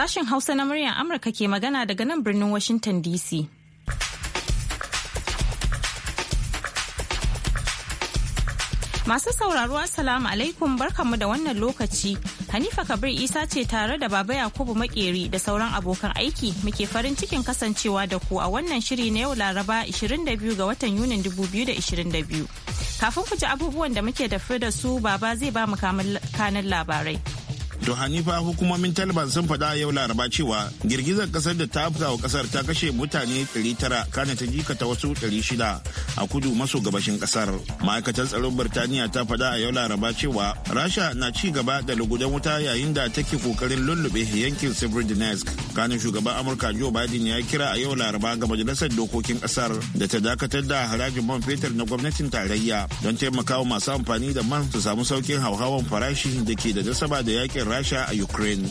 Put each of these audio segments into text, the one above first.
Sashen Hausa na muryar Amurka ke magana daga nan birnin Washington DC. Masu sauraro Assalamu alaikum barkanmu da wannan lokaci. Hanifa Kabir Isa ce tare da Baba Yakubu Makeri da sauran abokan aiki muke farin cikin kasancewa da ku a wannan shiri na yau Laraba 22 ga watan Yunin 2022. Kafin ku ji abubuwan da muke da su Baba zai ba mu kanan labarai. To Hanifa hukumomin Taliban sun faɗa yau Laraba cewa girgizar ƙasar da ta wa ƙasar ta kashe mutane 900 kana ta jika ta wasu 600 a kudu maso gabashin ƙasar. Ma'aikatar tsaron Birtaniya ta fada a yau Laraba cewa Rasha na ci gaba da lugudan wuta yayin da take kokarin lullube yankin Severodonetsk. Kanin shugaban Amurka Joe Biden ya kira a yau Laraba ga majalisar dokokin ƙasar da ta dakatar da harajin man fetur na gwamnatin tarayya don taimakawa masu amfani da man su samu saukin hauhawan farashi da ke da nasaba da yakin Rasha a Ukraine.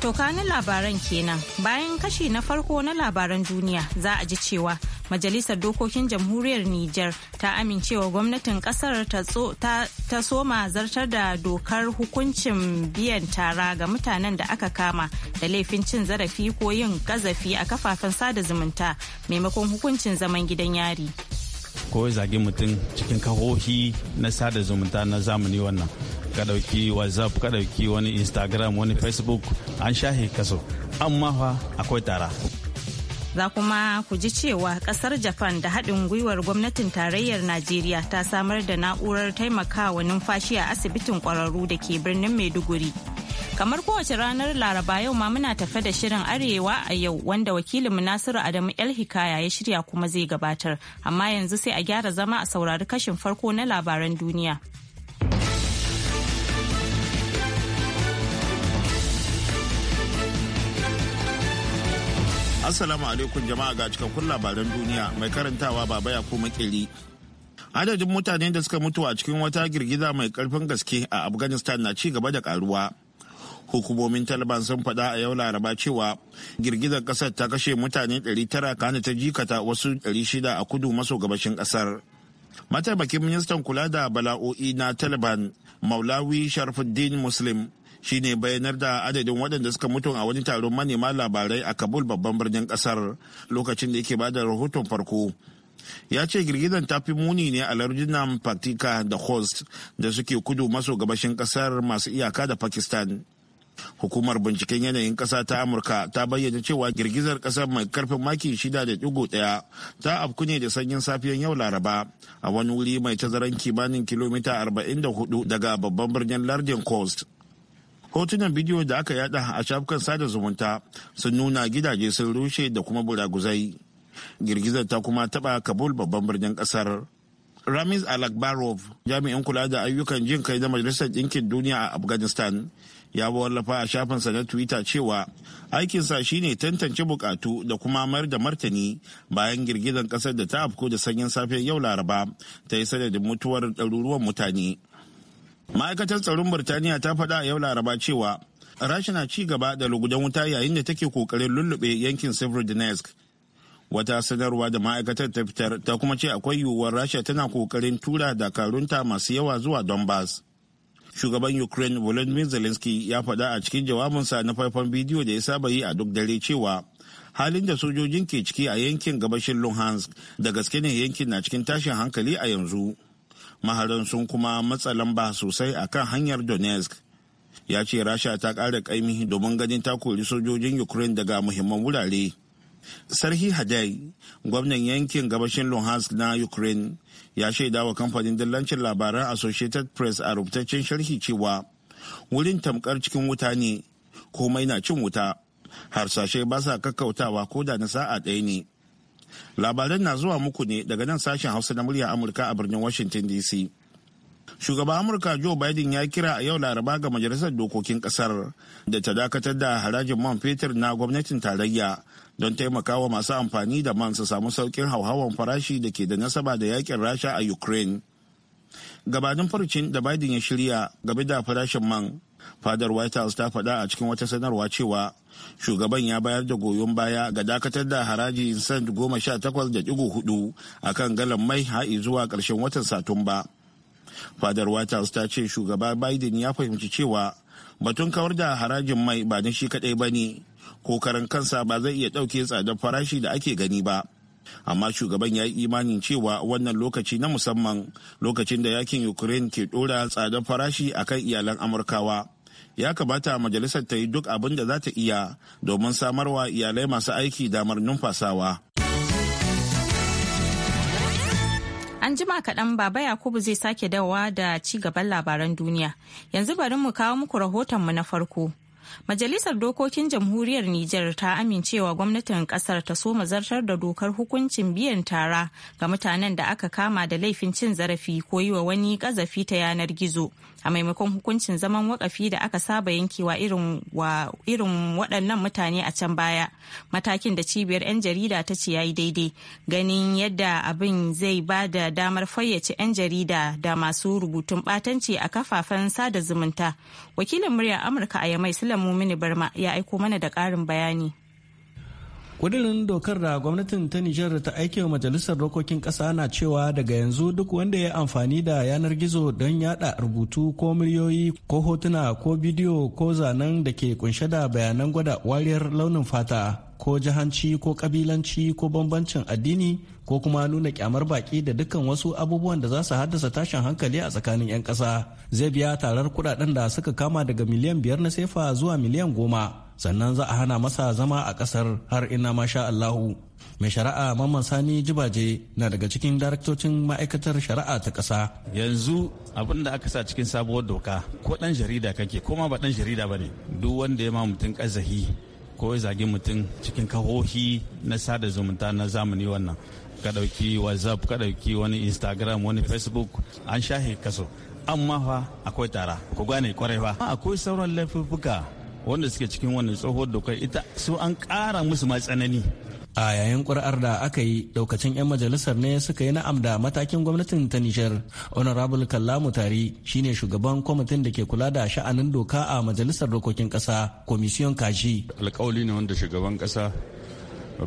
Tokanin na labaran kenan bayan kashi na farko na labaran duniya za a ji cewa Majalisar Dokokin Jamhuriyar Nijar ta amincewa gwamnatin kasar ta soma zartar da dokar hukuncin biyan tara ga mutanen da aka kama da laifin cin zarafi ko yin gazafi a kafafen sada zumunta maimakon hukuncin zaman gidan yari. Ko zage mutum cikin kahohi na sada zumunta na zamani wannan ka ɗauki whatsapp ka ɗauki wani instagram wani facebook an shahe kaso amma fa akwai tara za kuma ku ji cewa kasar japan da haɗin gwiwar gwamnatin tarayyar najeriya ta samar da na'urar taimakawa numfashi a asibitin kwararru da ke birnin maiduguri kamar kowace ranar laraba yau ma muna tafe da shirin arewa a yau wanda wakilin nasiru adamu el hikaya ya shirya kuma zai gabatar amma yanzu sai a gyara zama a saurari kashin farko na labaran duniya Assalamu alaikum jama'a ga cikakkun labaran duniya mai karantawa baba ya kuma kiri. Adadin mutane da suka mutu a cikin wata girgiza mai karfin gaske a Afghanistan na ci gaba da karuwa. Hukumomin Taliban sun faɗa a yau Laraba cewa girgizar kasar ta kashe mutane 900 kana ta jikata wasu 600 a kudu maso gabashin ƙasar. Mataimakin ministan kula da bala'o'i na Taliban Maulawi Sharfuddin Muslim shine bayanar da adadin waɗanda suka mutu a wani taron manema labarai a kabul babban birnin ƙasar lokacin da yake ba da rahoton farko ya ce girgizan ta fi muni ne a lardunan patika da host da suke kudu maso gabashin kasar masu iyaka da pakistan hukumar binciken yanayin ƙasa ta amurka ta bayyana cewa girgizar ƙasar mai karfin maki da 6.1 ta afku ne da sanyin safiyan yau laraba a wani wuri mai tazaran kimanin kilomita 44 daga babban birnin lardin coast hotunan bidiyo da aka yada a shafukan sada zumunta sun nuna gidaje sun rushe da kuma buraguzai girgizar ta kuma taba kabul babban birnin kasar ramiz alakbarov jami'in kula da ayyukan jin kai na majalisar ɗinkin duniya a afghanistan ya wallafa a shafinsa na twitter cewa aikinsa shine tantance bukatu da kuma mayar da martani bayan girgizar kasar da ta afko da sanyin safiyar yau laraba ta yi sanadin mutuwar ɗaruruwan mutane ma'aikatar tsaron birtaniya ta faɗa a yau laraba cewa rasha na ci gaba da lugudan wuta yayin da take kokarin lullube yankin severodonetsk wata sanarwa da ma'aikatar ta fitar ta kuma ce akwai yiwuwar rasha tana kokarin tura dakarunta masu yawa zuwa donbass shugaban ukraine volodymyr zelensky ya faɗa a cikin jawabinsa na faifan bidiyo da ya saba yi a duk dare cewa halin da sojojin ke ciki a yankin gabashin luhansk da gaske ne yankin na cikin tashin hankali a yanzu maharan sun kuma matsa lamba sosai a kan hanyar donetsk ya ce rasha ta ƙara ƙaimi domin ganin ta kori sojojin ukraine daga muhimman wurare sarhi hadai gwamnan yankin gabashin luhansk na ukraine ya shaida wa kamfanin dillancin labaran associated press a rubutaccen sharhi cewa wurin tamkar cikin wuta ne komai na cin wuta harsashe ba sa kakkautawa ko da na sa'a ɗaya ne Labaran na zuwa muku ne daga nan sashen Hausa na murya Amurka a birnin Washington DC. Shugaban Amurka Joe Biden ya kira a yau Laraba ga Majalisar Dokokin Kasar da ta dakatar da harajin man fetur na gwamnatin tarayya don taimakawa masu amfani da man su samu saukin hauhawan farashi da ke da nasaba da yakin Rasha a Ukraine. Gabanin farcin da Biden ya shirya game da farashin man fadar white house ta faɗa a cikin wata sanarwa cewa shugaban ya bayar da goyon baya ga dakatar da haraji cent goma sha takwas da digo hudu a kan galan mai ha'i zuwa ƙarshen watan satumba fadar white house ta ce shugaba biden ya fahimci cewa batun kawar da harajin mai ba na shi kaɗai ba ne ko karan kansa ba zai iya ɗauke tsadar farashi da ake gani ba amma shugaban ya yi imanin cewa wannan lokaci na musamman lokacin da yakin ukraine ke ɗora tsadar farashi akan iyalan amurkawa ya kamata majalisar ta yi duk abin da za ta iya domin samarwa iyalai masu aiki damar numfasawa. An jima kaɗan Baba Yakubu zai sake dawowa da ci gaban labaran duniya. Yanzu bari mu kawo muku rahoton mu na farko. Majalisar Dokokin Jamhuriyar Nijar ta amincewa gwamnatin kasar ta so zartar da dokar hukuncin biyan tara ga mutanen da aka kama da laifin cin zarafi ko yi wa wani kazafi ta yanar gizo a maimakon hukuncin zaman wakafi da aka saba yankewa irin waɗannan mutane a can baya. Matakin da cibiyar 'yan jarida ta ce ya yi daidai ganin yadda abin zai ba da damar fayyace 'yan jarida da masu rubutun ɓatanci a kafafen sada zumunta. Wakilin murya Amurka a Yamai Sulam Mumini Barma ya aiko mana da ƙarin bayani. kudirin dokar da gwamnatin ta nijar ta aike majalisar dokokin ƙasa na cewa daga yanzu duk wanda ya amfani da yanar gizo don yada rubutu ko muryoyi ko hotuna ko bidiyo ko zanen da ke kunshe da bayanan gwada wariyar launin fata ko jahanci ko kabilanci ko bambancin addini ko kuma nuna kyamar baki da dukkan wasu abubuwan da za su haddasa tashin hankali a tsakanin 'yan ƙasa zai biya tarar kudaden da suka kama daga miliyan biyar na sefa zuwa miliyan goma sannan za a hana masa zama a ƙasar har ina masha Allahu. Mai shari'a Mamman Sani Jibaje na daga cikin daraktocin ma'aikatar shari'a ta ƙasa. Yanzu abin da aka sa cikin sabuwar doka ko ɗan jarida kake ko ma ba ɗan jarida ba ne duk wanda ya ma mutum ƙazahi ko ya mutum cikin kahohi na sada zumunta na zamani wannan ka ɗauki whatsapp ka ɗauki wani instagram wani facebook an shahe kaso amma fa akwai tara ku gane kwarai fa akwai sauran laifuffuka wanda suke cikin wannan tsohon dokar ita su an kara musu matsanani. a yayin kuri'ar da aka yi daukacin 'yan majalisar ne suka yi na'am da matakin gwamnatin ta nijar honorable kallamu tari shine shugaban kwamitin da ke kula da sha'anin doka a majalisar dokokin kasa komisiyon kashi alkawali ne wanda shugaban ƙasa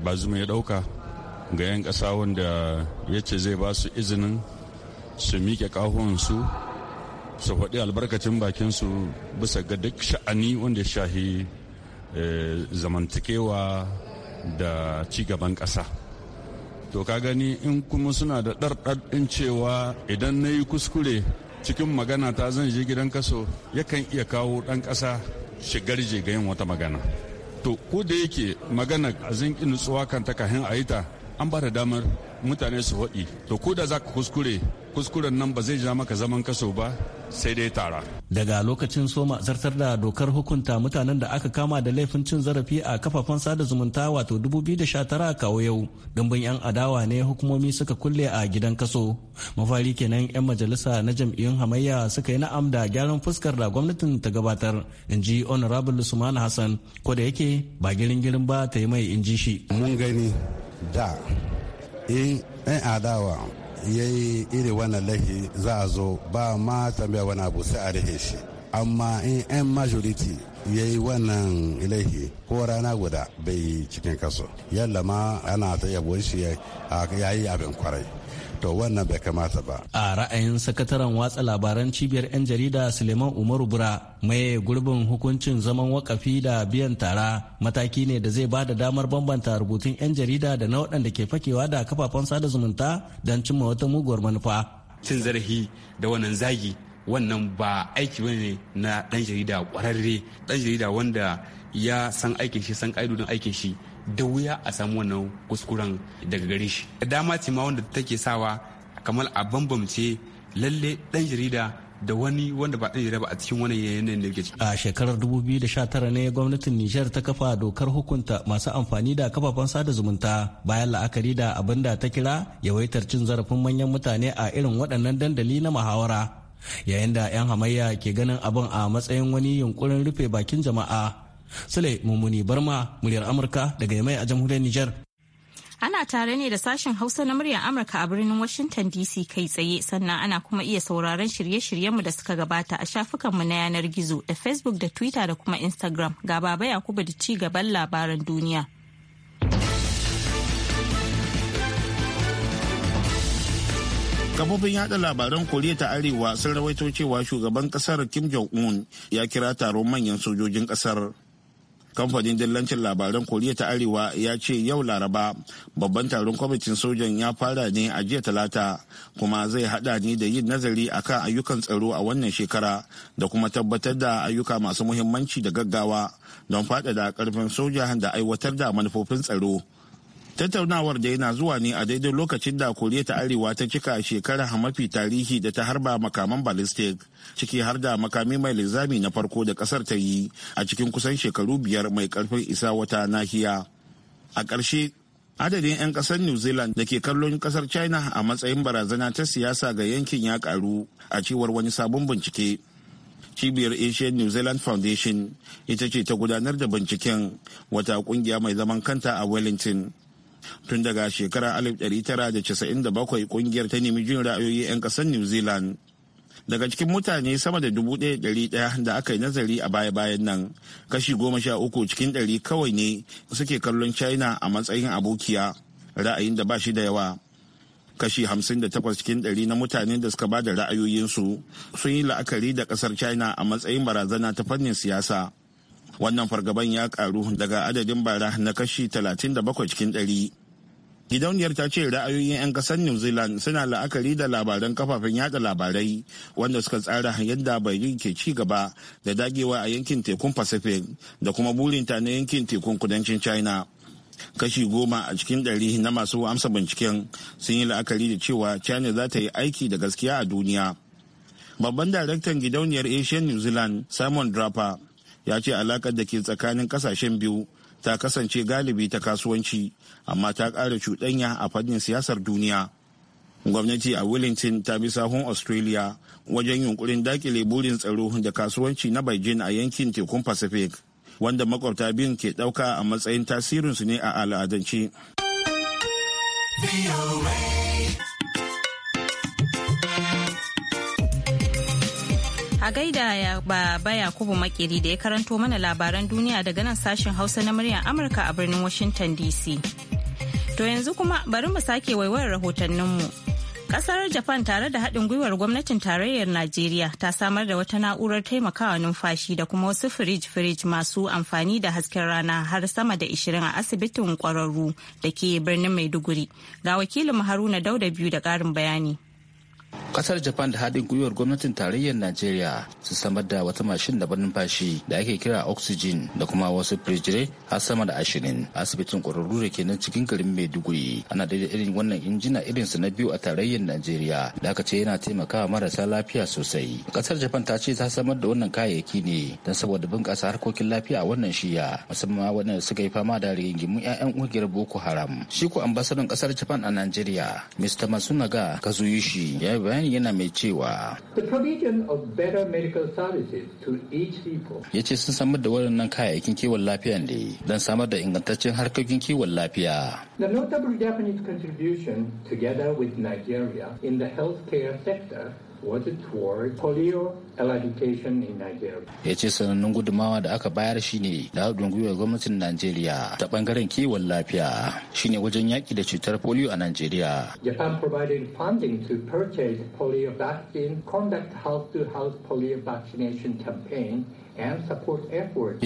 bazuma ya ɗauka ga 'yan ƙasa wanda ya ce zai ba su izinin su miƙe su su faɗi albarkacin bakinsu bisa ga duk sha'ani wanda ya shahi eh, zamantakewa da cigaban kasa to ka gani in kuma suna da ɗarɗaɗin cewa idan na yi kuskure cikin magana ta zan je gidan kaso yakan iya kawo ɗan ƙasa shigar je ga yin wata magana to ko da yake magana zan ƙi nutsuwa kan ta kahin an ba da damar mutane su haɗi to ko da za ka kuskure kuskuren nan ba zai ja maka zaman kaso ba sai dai tara. Daga lokacin soma zartar da dokar hukunta mutanen da aka kama da laifin cin zarafi a kafafen sada zumunta wato 2019 kawo yau dimbin 'yan adawa ne hukumomi suka kulle a gidan kaso. Mafari kenan 'yan majalisa na jam'iyyun hamayya suka yi na'am da gyaran fuskar da gwamnatin ta gabatar in ji honorable Usman Hassan ko da yake ba girin girin ba ta yi mai in ji shi. Mun gani da in 'yan adawa ya yi iri wannan lahi za a zo ba ma tambaya wani abu sai a rahe shi amma in 'yan majority ya yi wannan ilahi ko rana guda bai cikin kaso yalla ma ana ta yabon shi ya yi abin kwarai to wannan bai kamata ba a ra'ayin sakataren watsa labaran cibiyar 'yan jarida suleiman umaru bura mai gurbin hukuncin zaman wakafi da biyan tara mataki ne da zai ba da damar bambanta rubutun 'yan jarida da na waɗanda ke fakewa da kafafen sada zumunta don cimma wata muguwar manufa cin zarafi da wannan zagi wannan ba aiki bane na ɗan jarida ƙwararre ɗan jarida wanda ya san aikin shi san ƙa'idodin aikin shi da wuya a samu wannan kuskuren daga gare shi da dama ce ma wanda take sawa kamar a bambamce lalle dan jarida da wani wanda ba ɗaya ba a cikin wani yanayin da ke A shekarar 2019 ne gwamnatin Nijar ta kafa dokar hukunta masu amfani da kafafen sada zumunta bayan la'akari da abin da ta kira yawaitar cin zarafin manyan mutane a irin waɗannan dandali na muhawara. Yayin da 'yan hamayya ke ganin abin a matsayin wani yunkurin rufe bakin jama'a Sule Mummuni Barma muryar Amurka daga Yamai a jamhuriyar Nijar. Ana tare ne da sashen Hausa na muryar Amurka a birnin Washington DC kai tsaye sannan ana kuma iya sauraron shirye-shiryenmu da suka gabata a shafukanmu na yanar gizo da Facebook da Twitter da kuma Instagram ga baba Yakubu da ci gaban labaran duniya. kafofin yada labaran koriya ta arewa sun rawaito cewa shugaban kasar kim jong-un ya kira taron manyan sojojin kasar kamfanin dillancin labaran koriya ta arewa ya ce yau laraba babban taron kwamitin sojan ya fara ne a jiya talata kuma zai hada ne da yin nazari akan ayyukan tsaro a wannan shekara da kuma tabbatar da ayyuka masu muhimmanci da gaggawa don faɗaɗa ƙarfin soja da aiwatar da manufofin tsaro tattaunawar da yana zuwa ne a daidai lokacin da koriya ta arewa ta cika a shekara mafi tarihi da ta harba makaman ballistic ciki har da makami mai linzami na farko da kasar ta yi a cikin kusan shekaru biyar mai karfin isa wata nahiya a ƙarshe adadin 'yan ƙasar new zealand da ke kallon ƙasar china a matsayin barazana ta siyasa ga yankin ya ƙaru a cewar wani sabon bincike cibiyar asian new zealand foundation ita ce ta gudanar da binciken wata kungiya mai zaman kanta a wellington tun daga shekarar 1997 kungiyar ta nemi jin ra'ayoyi 'yan kasar new zealand daga cikin mutane sama da dubu ɗaya da aka yi nazari a baya-bayan nan kashi goma sha uku cikin ɗari kawai ne suke kallon china a matsayin abokiya ra'ayin da ba shi da yawa kashi hamsin da takwas cikin ɗari na mutanen da suka ba da ra'ayoyinsu sun yi la'akari da ƙasar china a matsayin barazana ta fannin siyasa wannan fargaban ya karu daga adadin bara na kashi 37 cikin 100 gidauniyar ta ce ra'ayoyin 'yan kasar new zealand suna la'akari da labaran kafafen yada labarai wanda suka tsara yadda bai ke ci gaba da dagewa a yankin tekun pacific da kuma burinta na yankin tekun kudancin china kashi goma a cikin ɗari na masu amsa binciken sun yi la'akari da cewa china za ta yi aiki da gaskiya a duniya babban daraktan gidauniyar asian new zealand simon draper ya ce alakar da ke tsakanin kasashen biyu ta kasance galibi ta kasuwanci amma ta ƙara cuɗanya a fannin siyasar duniya gwamnati a wellington ta bi sahun australia wajen yunkurin dakile burin tsaro da kasuwanci na beijing a yankin tekun pacific wanda makwabta biyun ke ɗauka a matsayin tasirinsu ne a al'adance. A gaida ya baba Yakubu Makeri da ya karanto mana labaran duniya daga nan sashen Hausa na muryar Amurka a birnin Washington DC. To yanzu kuma bari mu sake waiwayar rahotanninmu. Kasar Japan tare da haɗin gwiwar gwamnatin tarayyar Najeriya ta samar da wata na'urar taimakawa numfashi da kuma wasu firij-firij masu amfani da hasken rana har sama da 20 a asibitin kwararru da ke birnin Maiduguri. Ga wakilin Haruna Dauda biyu da ƙarin bayani. kasar japan da haɗin gwiwar gwamnatin tarayyar najeriya su samar da wata mashin da numfashi da ake kira oxygen da kuma wasu firjire har sama da ashirin asibitin ƙwararru da ke nan cikin garin maiduguri ana daidai irin wannan injina irinsu na biyu a tarayyar najeriya da aka ce yana taimakawa marasa lafiya sosai kasar japan ta ce ta samar da wannan kayayyaki ne don saboda bunƙasa harkokin lafiya a wannan shiya musamman waɗanda suka yi fama da rigingimun 'ya'yan ƙungiyar boko haram shi ko ambasadan kasar japan a najeriya mr masunaga kazuyushi ya yi bayani yana mai cewa ya ce sun samar da waɗannan kayayyakin kiwon lafiya ne don samar da ingantaccen harkokin kiwon lafiya. The notable Japanese contribution together with Nigeria in the healthcare sector in ya ce sanannun gudunmawa da aka bayar shi ne. da haɗin gwiwar gwamnatin najeriya ta ɓangaren kiwon lafiya shine wajen yaƙi da cutar polio a najeriya japan provided funding to purchase polio vaccine conduct house to house polio vaccination campaign ya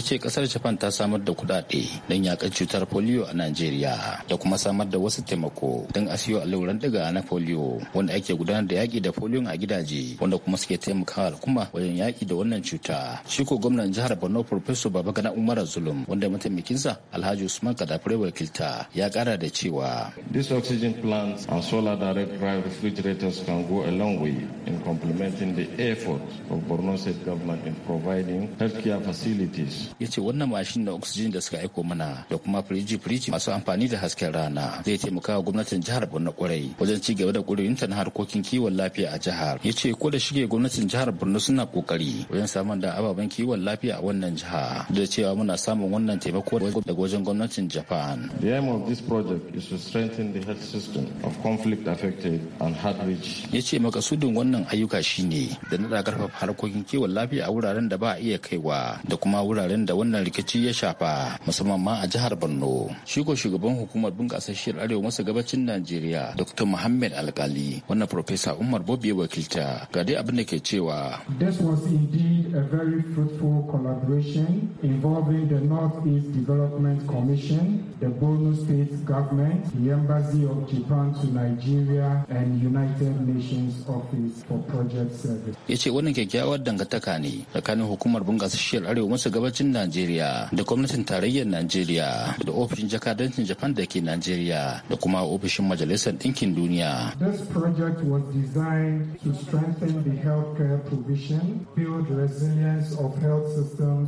ce kasar japan ta samar da kudade don yakar cutar polio a najeriya da kuma samar da wasu taimako don a siyo alluran daga na polio wanda ake gudanar da yaki da polio a gidaje wanda kuma suke taimakawa al'umma wajen yaki da wannan cuta shi ko gwamnan jihar borno professor babagana umar zulum wanda mataimakinsa alhaji usman kadafure wakilta ya kara da cewa this oxygen plants and solar direct drive refrigerators can go a long way in complementing the effort of borno state government in providing healthcare facilities. Ya ce wannan mashin na oxygen da suka aiko mana da kuma firiji-firiji masu amfani da hasken rana zai taimaka wa gwamnatin jihar Borno kwarai wajen ci gaba da ƙudurinta na harkokin kiwon lafiya a jihar. Ya ce ko da shige gwamnatin jihar Borno suna ƙoƙari wajen samar da ababen kiwon lafiya a wannan jiha da cewa muna samun wannan taimako daga wajen gwamnatin Japan. The aim of this project is to strengthen the health system of conflict affected and hard Ya ce makasudin wannan ayyuka shine da na karfafa harkokin kiwon lafiya a wuraren da ba a iya kaiwa da kuma wuraren da wannan rikici ya shafa musamman ma a jihar borno shi ko shugaban hukumar bunƙasashiyar arewa masu gabacin najeriya dr muhammad alkali wannan profesa umar bobi wakilta ga dai abin da ke cewa this was indeed a very fruitful collaboration involving the North-East development commission the borno state government the embassy of japan to nigeria and united nations office for project service ya ce wannan kyakkyawar dangantaka ne tsakanin hukumar sauran gasashiyar arewa masu gabacin najeriya da gwamnatin tarayyar najeriya da ofishin jakadancin japan da ke najeriya da kuma ofishin majalisar ɗinkin duniya This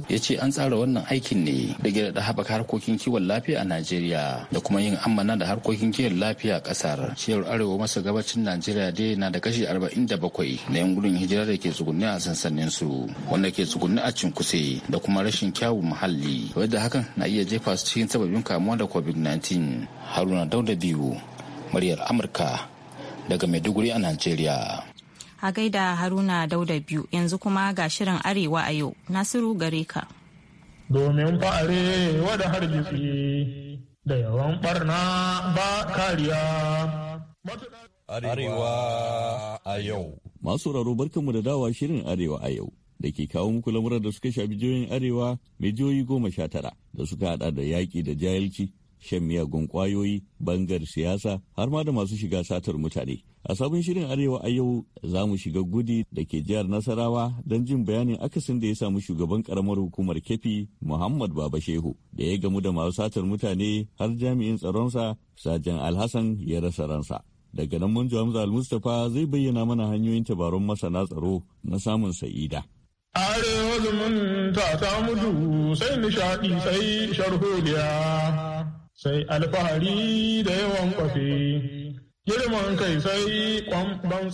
Ya ce an tsara wannan aikin ne da gida haɓaka harkokin kiwon lafiya a Najeriya da kuma yin amana da harkokin kiwon lafiya a ƙasar. Shiyar Arewa masu gabacin Najeriya dai na da kashi bakwai, na 'yan gudun hijira da ke tsugunni a sansaninsu. su wanda ke tsugunni a cin da kuma rashin kyawun muhalli wadda hakan na iya jefa su cikin sababin kamuwa da covid-19 haruna dauda biyu muryar amurka daga maiduguri a nigeria a gaida haruna dauda biyu yanzu kuma ga shirin arewa a yau nasiru gare ka domin arewa da da yawan barna ba kariya arewa a yau masu raro barkanmu da dawa shirin arewa a yau da ke kawo muku lamuran da suka shafi jihohin arewa mai jihohi goma sha tara da suka hada da yaƙi da jahilci shan miyagun kwayoyi bangar siyasa har ma da masu shiga satar mutane a sabon shirin arewa a yau za mu shiga gudi da ke jihar nasarawa don jin bayanin akasin da ya samu shugaban karamar hukumar kefi muhammad baba shehu da ya gamu da masu satar mutane har jami'in tsaronsa sajan alhassan ya rasa ransa daga nan mun hamza al-mustapha zai bayyana mana hanyoyin tabaron masana tsaro na samun sa'ida Arewa zumunta ta mutu sai nishaɗi sai sharholiya sai alfahari da yawan kwafi. Girman kai sai kwamban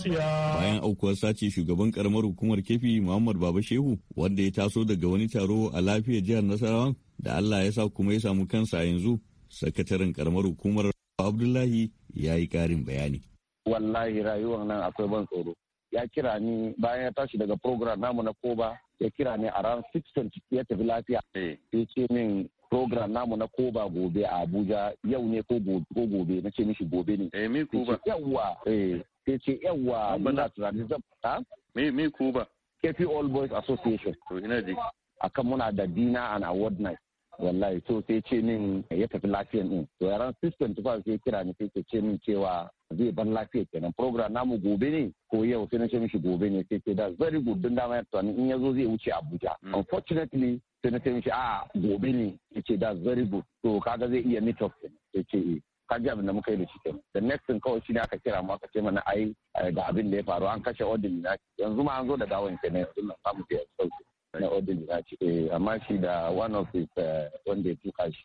Bayan aukuwar sace shugaban karamar hukumar kefi Muhammad Baba Shehu wanda ya taso daga wani taro a lafiyar jihar Nasarawa da Allah ya sa kuma ya samu kansa yanzu sakataren karamar hukumar Abdullahi ya yi karin bayani. Wallahi rayuwar nan akwai ban tsoro. ya kira ni bayan ya tashi daga program namu na koba ya kira ni a ran 6:20 ya tafi lafiya eh. ya ce min program namu na koba gobe a abuja yau ne ko gobe na ce mishi gobe ne eh mi koba yawa eh ce yawa na tunanin zan ha mi mi koba kefi All Boys Association to ina ji akan muna da dina and award night wallahi to sai ce min ya tafi lafiyan din to yaran system tufa sai kira ni sai ce min cewa zai ban lafiya kenan program namu gobe ne ko yau sai na ce mishi gobe ne sai ce da very good din dama ya in ya zo zai wuce Abuja mm. unfortunately sai na ce mishi a gobe ne sai ce da very good to kaga zai iya meet up sai ce eh kaji abin da muka yi da shi kenan the next thing kawai shine aka kira mu aka ce mana ai eh, ga abin da ya faru an kashe ordin na yanzu ma an zo da gawan kenan yanzu nan samu da sauki na odin ya ci eh, amma shi da one of his eh, wanda ya tuka shi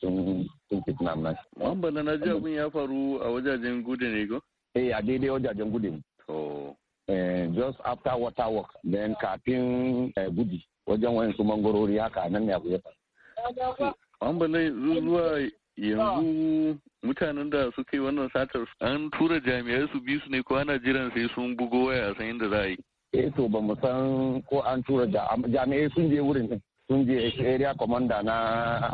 sun eh, kidnap na shi. Wan bana na jiya ya faru a wajajen gudu ne go? Eh a daidai wajajen gudu. To. Just after water work. then kafin gudi wajen wayan su mangorori haka nan ne abu ya faru. Wan bana zuwa yanzu mutanen da suka yi wannan satar an tura jami'ai su bi su ne ko ana jiran sai sun bugo waya a san inda za a yi. eh to ba mu san ko an tura jami'ai sun je wurin din sun je area commander na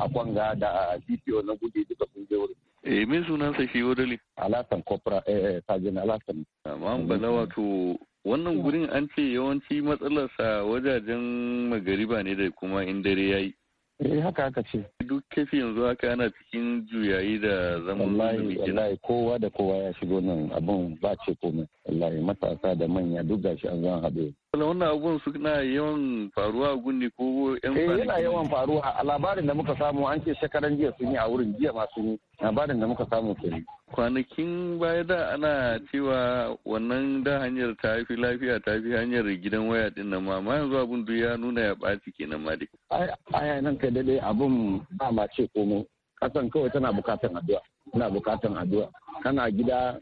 akwanga da dpo na gudu duka sun je wurin Eh sunan sunansa shi wadali Alasan Kofra eh, eh Sajin Alasan. Amma bala wato wannan gurin an ce yawanci matsalarsa wajajen magariba ne da kuma in dare yayi. eh haka haka ce duk kefi yanzu haka ana cikin juyayi da zaman wallahi wallahi kowa da kowa ya shigo nan abun ba ce komai wallahi matasa da manya duk gashi an zan haɗu Kula wannan suna yawan faruwa a gunni ko yan eh, kwanaki. yana yawan faruwa a labarin da muka samu an ce shekaran jiya sun yi a wurin jiya ma sun yi labarin da muka samu kenan. Kwanakin baya da ana cewa wannan da hanyar ta fi lafiya ta fi hanyar gidan waya din nan ma ma yanzu abun duk ya nuna ya ɓaci kenan ma dai. Ai nan kai daidai abun ba ma ce komai. Kasan kawai tana bukatan addu'a. Tana bukatan addu'a. Kana gida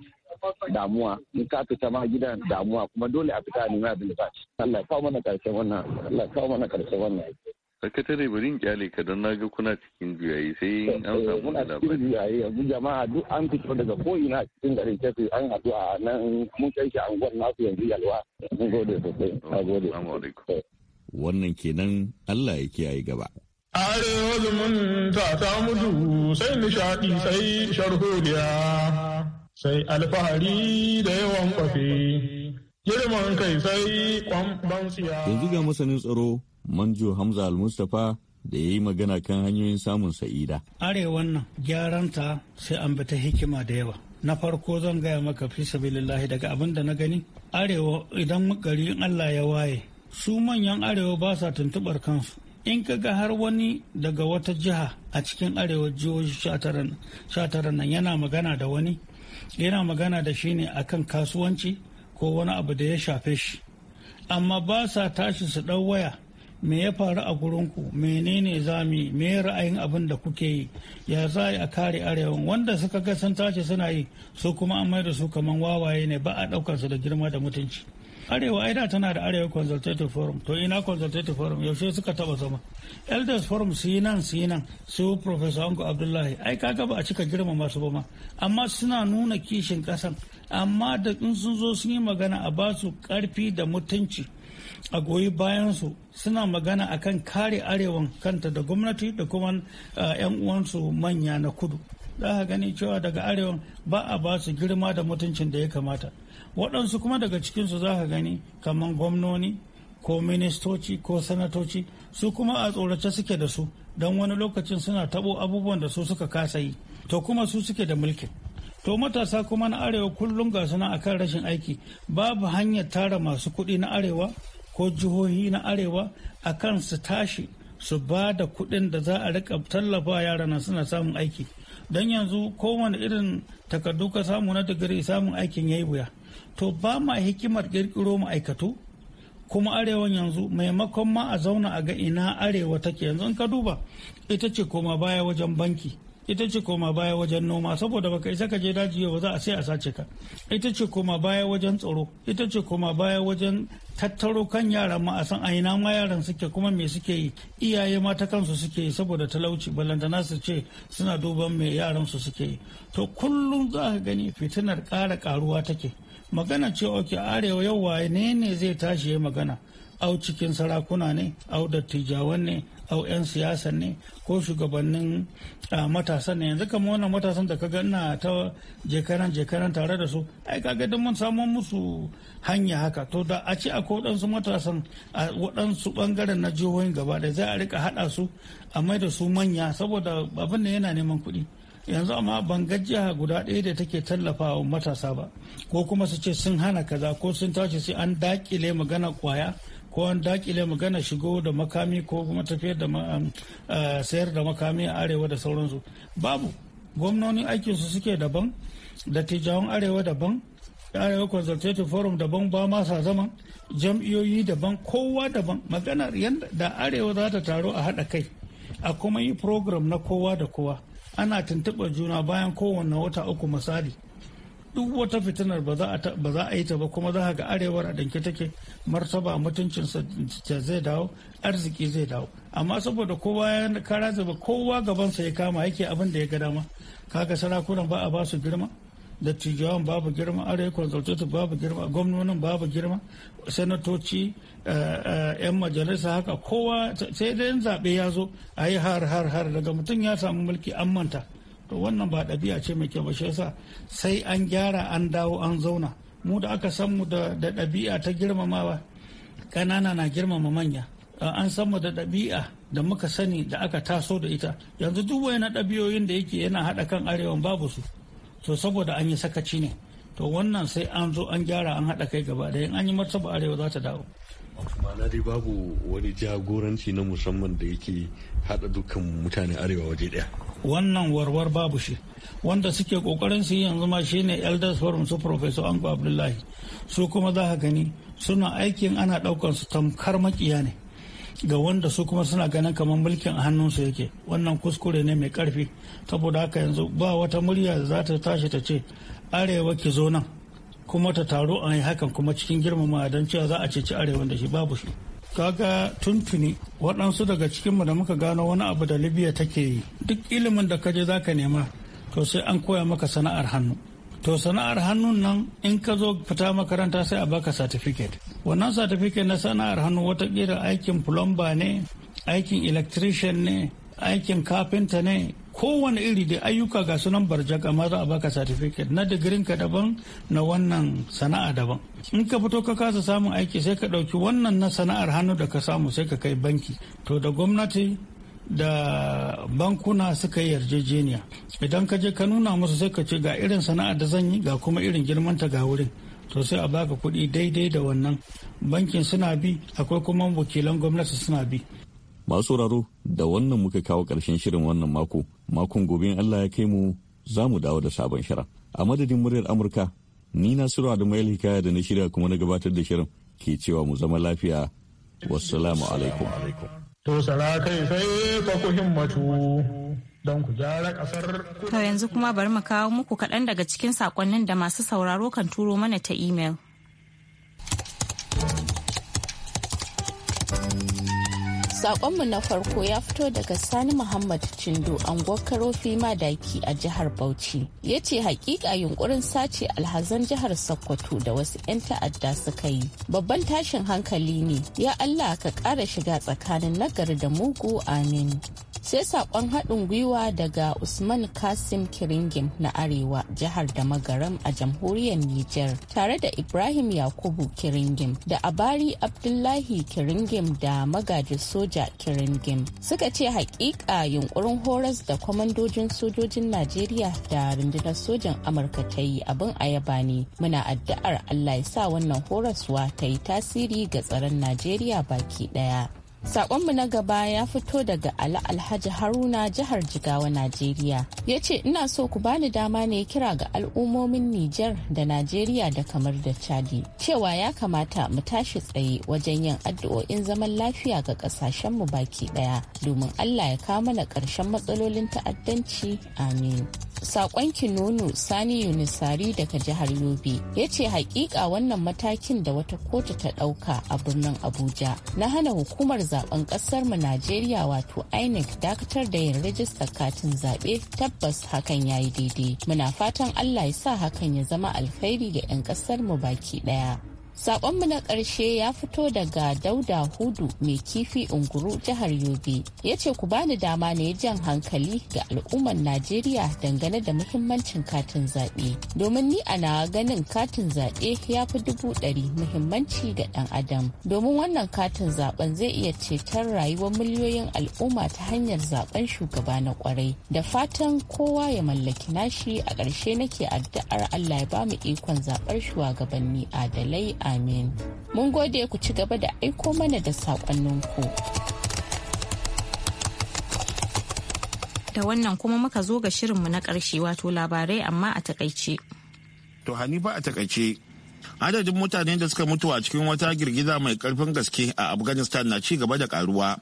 damuwa in ka fita ma gidan damuwa kuma dole a fita a nemi abin da ci Allah ya kawo mana karshe wannan Allah ya kawo mana karshe wannan sakatare bari in kyale ka don naga kuna cikin juyayi sai an eh, samu wani labari cikin juyayi yanzu jama'a duk an fito daga ko ina cikin garin kefi an haɗu a nan mun kai shi anguwar nasu yanzu yalwa mun gode sosai oh, na gode eh. wannan kenan Allah ya kiyaye gaba arewa zumunta ta mutu sai nishaɗi sai sharholiya sai alfahari da yawan kwafi girman kai sai kwamban siya. Yanzu ga masanin tsaro Manjo Hamza Al-Mustapha da ya yi magana kan hanyoyin samun sa'ida. Arewan nan ta sai an bi ta hikima da yawa. Na farko zan gaya maka fi sabilillahi daga abin da na gani. Arewa idan gari Allah ya waye su manyan arewa ba sa tuntubar kansu. In ka ga har wani daga wata jiha a cikin arewa jihohi shataran nan yana magana da wani yana magana da shi ne akan kasuwanci ko wani abu da ya shafe shi amma ba sa tashi su ɗau waya me ya faru a gurinku menene zami me ra'ayin abin da kuke yi ya za a kare arewan wanda suka ga sun tashi suna yi su kuma an mai da su kaman wawaye ne ba a ɗaukar su da girma da mutunci arewa aida tana da arewa consultative forum to ina consultative forum yaushe suka taba zama elders forum su yi nan su yi nan su professor ango abdullahi ai kaga ba a cika girma masu ba ma amma suna nuna kishin kasan amma da in sun zo sun yi magana a ba su karfi da mutunci a goyi bayan su suna magana akan kare arewan kanta da gwamnati da kuma 'yan eh, uwansu manya na kudu za ka gani cewa daga arewan ba a ba su girma da mutuncin da ya kamata waɗansu kuma daga cikinsu za ka gani kamar gwamnoni ko ministoci ko sanatoci su kuma a tsorace suke da su don wani lokacin suna tabo abubuwan da su suka kasa yi to kuma su suke da mulkin to matasa kuma na arewa kullum ga suna akan rashin aiki babu hanyar tara masu kuɗi na arewa ko jihohi na arewa akan su tashi su ba da kuɗin da za a rika tallafa yara na suna samun aiki don yanzu kowane irin takardu ka samu na digiri samun aikin ya yi wuya to ba ma hikimar kirkiro ma'aikatu kuma arewa yanzu maimakon ma a zauna a ga ina arewa take yanzu in ka duba ita ce koma baya wajen banki ita ce koma baya wajen noma saboda baka isa ka je daji ba za a sai a sace ka ita ce koma baya wajen tsaro ita ce koma baya wajen tattaro kan yaran ma a san a ina ma yaran suke kuma me suke yi iyaye ma ta kansu suke yi saboda talauci na su ce suna duban me yaran su suke yi to kullum za ka gani fitinar ƙara ƙaruwa take magana ce oke arewa yau wane ne zai tashi ya magana au cikin sarakuna ne au dattijawan ne au 'yan siyasa ne ko shugabannin matasan ne yanzu kama wannan matasan da ka ina ta jekaran jekaran tare da su ai kaga don mun samu musu hanya haka to da a ce akwai waɗansu matasan a waɗansu ɓangaren na jihohin gaba da za a rika haɗa su a mai da su manya saboda abin da yana neman kuɗi yanzu amma ban ga jiha guda ɗaya da take tallafa wa matasa ba ko kuma su ce sun hana kaza ko sun tashi sai an dakile magana kwaya ko an dakile magana shigo da makami ko kuma tafiyar da um, uh, sayar da makami a arewa da sauransu babu gwamnonin aikinsu suke daban dattijawan arewa daban arewa consultative forum daban ba masa zaman jam'iyoyi daban kowa daban maganar da arewa za ta taro a haɗa kai a kuma yi program na kowa da kowa ana tuntuɓar juna bayan kowane wata uku misali duk wata fitinar ba za a yi ta ba kuma za a ga arewar a danke take martaba mutuncinsa zai dawo arziki zai dawo amma saboda kowa ya kara zaba kowa gabansa ya kama yake abin da ya ga dama kaga sarakunan ba a ba girma dattijawan babu girma arewa consultative babu girma gwamnonin babu girma sanatoci eh, eh, yan majalisa haka kowa sai dai zaɓe ya zo a yi har har har daga mutum ya samu mulki an manta to wannan ba ɗabi'a ce mai kyau ba shi yasa sai an gyara an dawo an zauna mu da aka san mu da ɗabi'a ta girmamawa ƙanana na girmama manya eh, an san mu da ɗabi'a da muka sani da aka taso da ita yanzu duk wani ɗabi'o'in da yake yana haɗa kan arewa babu su to saboda an yi sakaci ne to wannan sai an zo an gyara an haɗa kai gaba da an yi martaba arewa za ta dawo ma'ana dai babu wani jagoranci na musamman da yake haɗa dukkan mutane arewa waje ɗaya wannan warwar babu shi wanda suke kokarin su yanzu ma ne elders forum su professor ango abdullahi su kuma za ka gani suna aikin ana ɗaukar su tamkar makiya ne ga wanda su kuma suna ganin kamar mulkin hannunsu yake wannan kuskure ne mai karfi saboda haka yanzu ba wata murya za ta tashi ta ce arewa ki zo nan kuma ta taro a hakan kuma cikin girmama don cewa za a ceci arewa da shi babu shi kaga tuntuni waɗansu daga cikinmu da muka gano wani abu da libya take yi duk ilimin da ka je za ka nema to sai an koya maka sana'ar hannu to sana'ar hannun nan in ka zo fita makaranta sai a baka certificate wannan certificate na sana'ar hannu watakila aikin plumber ne aikin electrician ne aikin kafinta ne kowane iri da ayyuka ga sunan barjaka amma za a baka certificate na digirin ka daban na wannan sana'a daban in ka fito ka kasa samun aiki sai ka ɗauki wannan na sana'ar hannu da ka samu sai ka kai banki to da gwamnati da bankuna suka yi yarjejeniya idan ka je ka nuna musu sai ka ce ga irin sana'ar da zan yi ga kuma irin girmanta ga wurin to sai a baka kuɗi daidai da wannan bankin suna bi akwai kuma wakilan gwamnati suna bi masu sauraro da wannan muka kawo ƙarshen shirin wannan mako makon gobe Allah ya kai mu za mu dawo da sabon shirin a madadin muryar amurka ni na sura da mayar hikaya da na shirya kuma na gabatar da shirin ke cewa mu zama lafiya wassalamu alaikum To sarakai sai fa ku himmatu don ku gyara kasar. To yanzu kuma bari mu kawo muku kaɗan daga cikin saƙonnin da masu sauraro kan turo mana ta imel. Sakonmu na farko ya fito daga Sani Muhammad Chindo anguwar Karofi Madaki a jihar Bauchi. Ya ce hakika yunkurin sace alhazan jihar Sokoto da wasu 'yan ta'adda suka yi. Babban tashin hankali ne, ya Allah ka ƙara shiga tsakanin nagari da mugu amin. sai saƙon haɗin gwiwa daga usman kasim kiringim na arewa jihar da magaram a jamhuriyar niger tare da ibrahim yakubu kiringim da abari abdullahi kiringim da magajin soja kiringim suka ce hakika yunkurin horas da kwamandojin sojojin najeriya da rundunar sojan amurka ta yi abin ayaba ne muna addu'ar allah ya sa wannan horaswa ta yi tasiri ga tsaron najeriya baki ɗaya. Sakonmu na gaba ya fito daga ali Alhaji Haruna jihar Jigawa, Najeriya. Ya ce ina so ku bani dama ne kira ga al'ummomin Nijar da Najeriya da kamar da Chadi. Cewa ya kamata mu tashi tsaye wajen yin addu'o'in zaman lafiya ga kasashenmu baki ɗaya domin Allah ya kawo mana ƙarshen matsalolin ta'addanci. Amin. sakon nono sani unisari daga jihar yobe ya ce hakika wannan matakin da wata kotu ta dauka a birnin abuja na hana hukumar zaben kasar mu najeriya wato inec dakatar da yin rajistar katin zaɓe tabbas hakan ya yi daidai muna fatan allah ya sa hakan ya zama alkhairi ga 'yan kasar mu baki daya Sakonmu na ƙarshe ya fito daga Dauda Hudu mai kifi unguru jihar Yobe. Ya ce ku bani dama ne jan hankali ga al'ummar Najeriya dangane da muhimmancin katin zaɓe. Domin ni ana ganin katin zaɓe ya fi dubu ɗari muhimmanci ga ɗan adam. Domin wannan katin zaɓen zai iya cetar rayuwar miliyoyin al'umma ta hanyar zaɓen shugaba na kwarai. Da fatan kowa ya mallaki nashi a ƙarshe nake addu'ar Allah ya bamu ikon zaɓar shugabanni adalai amin mun gode ku ci gaba da aiko mana da saƙonninku. da wannan kuma muka zo ga shirinmu na ƙarshe wato labarai amma a takaice. To Hanifa a takaice adadin mutane da suka mutu a cikin wata girgiza mai karfin gaske a afghanistan na ci gaba da karuwa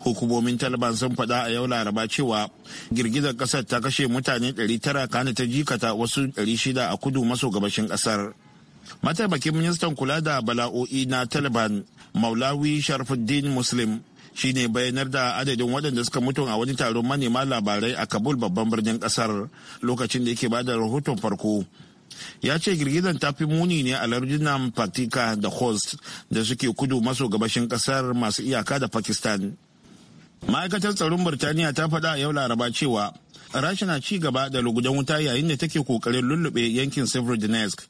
hukumomin taliban sun faɗa a yau laraba cewa girgizar ƙasar ta kashe mutane 900 kana ta jikata wasu 600 a kudu maso gabashin ƙasar mataimakin ministan kula da bala'o'i na taliban maulawi sharfuddin muslim shine bayanar da adadin waɗanda suka mutu a wani taron manema labarai a kabul babban birnin ƙasar lokacin da yake ba da rahoton farko ya ce girgizan ta fi muni ne a lardunan patika da host da suke kudu maso gabashin kasar masu iyaka da pakistan ma'aikatar tsaron birtaniya ta faɗa yau laraba cewa rasha na ci gaba da lugudan wuta yayin da take kokarin lullube yankin severodonetsk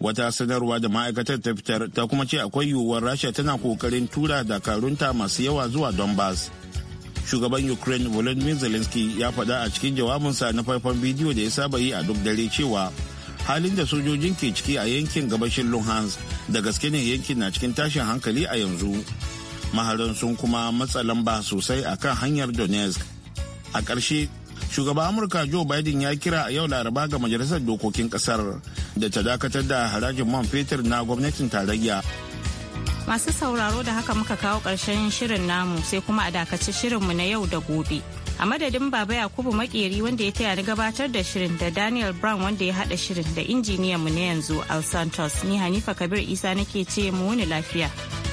wata sanarwa da ma'aikatar ta fitar ta kuma ce akwai yiwuwar rasha tana kokarin tura dakarunta masu yawa zuwa donbass shugaban ukraine volodymyr zelensky ya faɗa a cikin jawabinsa na faifan bidiyo da ya saba yi a duk dare cewa halin da sojojin ke ciki a yankin gabashin luhansk da gaske ne yankin na cikin tashin hankali a yanzu maharan sun kuma matsa lamba sosai a kan hanyar donetsk a ƙarshe shugaban amurka joe biden ya kira a yau laraba ga majalisar dokokin ƙasar. da ta dakatar da harajin man fetur na gwamnatin tarayya. Masu sauraro da haka muka kawo ƙarshen shirin namu sai kuma a dakaci shirinmu na yau da gobe. A madadin Baba Yakubu Makeri wanda ya taya ni gabatar da shirin da Daniel Brown wanda ya haɗa shirin da injiniyan mu na yanzu Al Santos ni Hanifa Kabir Isa nake ce mu wuni lafiya.